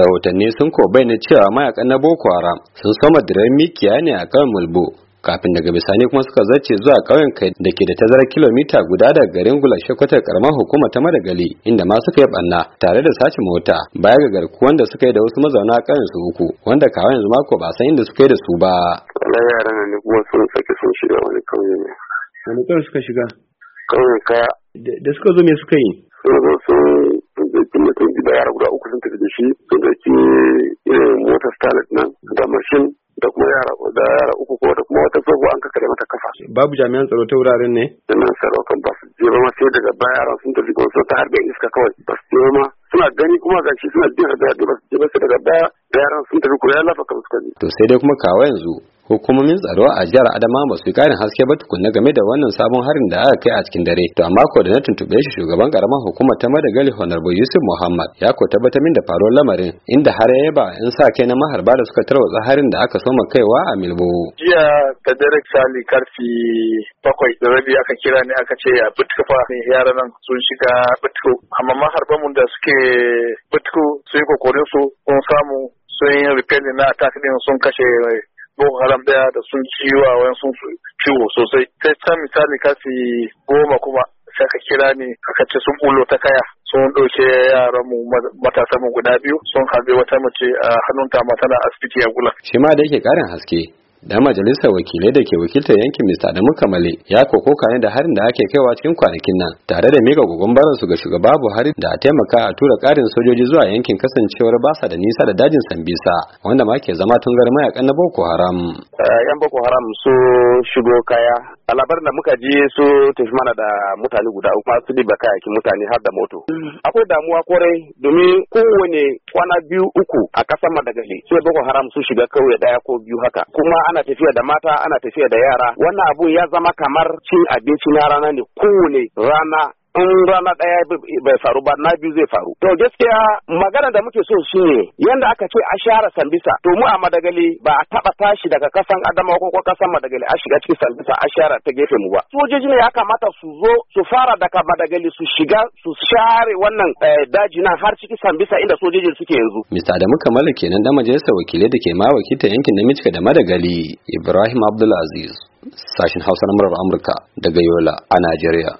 rahotanni sun ko bayyana cewa mayakan na boko haram sun soma diren mikiya ne a kan mulbu kafin daga bisani kuma suka zace zuwa ƙauyen kai da ke da tazarar kilomita guda daga garin gulashe kwatar karamar hukuma ta madagali inda ma suka yi banna tare da sace mota baya ga garkuwan da suka yi da wasu mazauna ƙauyen su uku wanda kawo yanzu mako ba san inda suka yi da su ba. na yaran ne kuma sun sake sun shiga wani ƙauye ne. wani ƙauye suka shiga. ƙauyen kaya. da suka zo me suka yi. sun zo sun ɗauki mutum gida yara guda uku sun tafi da shi sun ɗauki irin eh, motar stalet nan da mashin da kuma yara da yara uku ko da kuma wata tsohuwa an kakare mata kafa. Babu jami'an tsaro ta wuraren ne? Jami'an tsaro kan ba su je ba ma sai daga baya yaran sun tafi kuma sun ta harbe iska kawai ba su je ma suna gani kuma ga shi suna jin da ba su je ba sai daga baya yaran sun tafi kuma ya lafa kan su To sai dai kuma kawo yanzu hukumomin tsaro a jihar adama ba su karin haske ba tukunna game da wannan sabon harin da aka kai a cikin dare to amma ko da na tuntube shi shugaban karamar hukumar ta madagali honorable yusuf muhammad ya ko tabbata min da faruwar lamarin inda har ya ba in sa kai na maharba da suka tarwatsa harin da aka soma kaiwa a milbo jiya da dare sali karfi bakwai da rabi aka kira ni aka ce ya bitka fa yaran nan sun shiga bitko amma maharba mun da suke bitko sun yi kokorin su sun samu sun yi repelling na attack din sun kashe boko haram daya da sun ciwa wayan sun ciwo sosai sai can misali kasi goma kuma sai ka kira ni aka ce sun bullo ta kaya sun ɗauke yaran mu matasan mu guda biyu sun haɗe wata mace a hannunta ma tana asibiti a gula. Shi ma da yake ƙarin haske da majalisar wakilai da ke wakiltar yankin Mr. Adamu Kamale ya koko ne da harin da ake kaiwa cikin kwanakin nan tare da mika gogon su ga shugaba Buhari da a taimaka a tura karin sojoji zuwa yankin kasancewar basa da nisa da dajin Sambisa wanda ma ke zama tungar mayakan na Boko Haram. Eh, yan Boko Haram su shigo kaya a da muka ji su tafi mana da mutane guda uku masu diba kayakin mutane har da moto. Akwai damuwa kwarai domin kowane kwana biyu uku a kasar Madagali sai Boko Haram su shiga kauye ɗaya ko biyu haka kuma ana tafiya da mata ana tafiya da yara wannan abun ya zama kamar cin abinci na rana ne kowane rana in rana ɗaya bai faru ba na biyu zai faru. To gaskiya magana da muke so shi ne yanda aka ce a share sambisa to mu a madagali ba a taɓa tashi daga kasan adama ko kasan madagali a shiga cikin sambisa a share ta gefe mu ba. Sojoji ne ya kamata su zo su fara daga madagali su shiga su share wannan eh, daji na har cikin sambisa inda sojoji suke yanzu. Mista Adamu Kamala kenan da majalisar wakilai da ke ma wakilta yankin na da Madagali Ibrahim Abdulaziz sashin Hausa na murar Amurka daga Yola a Najeriya.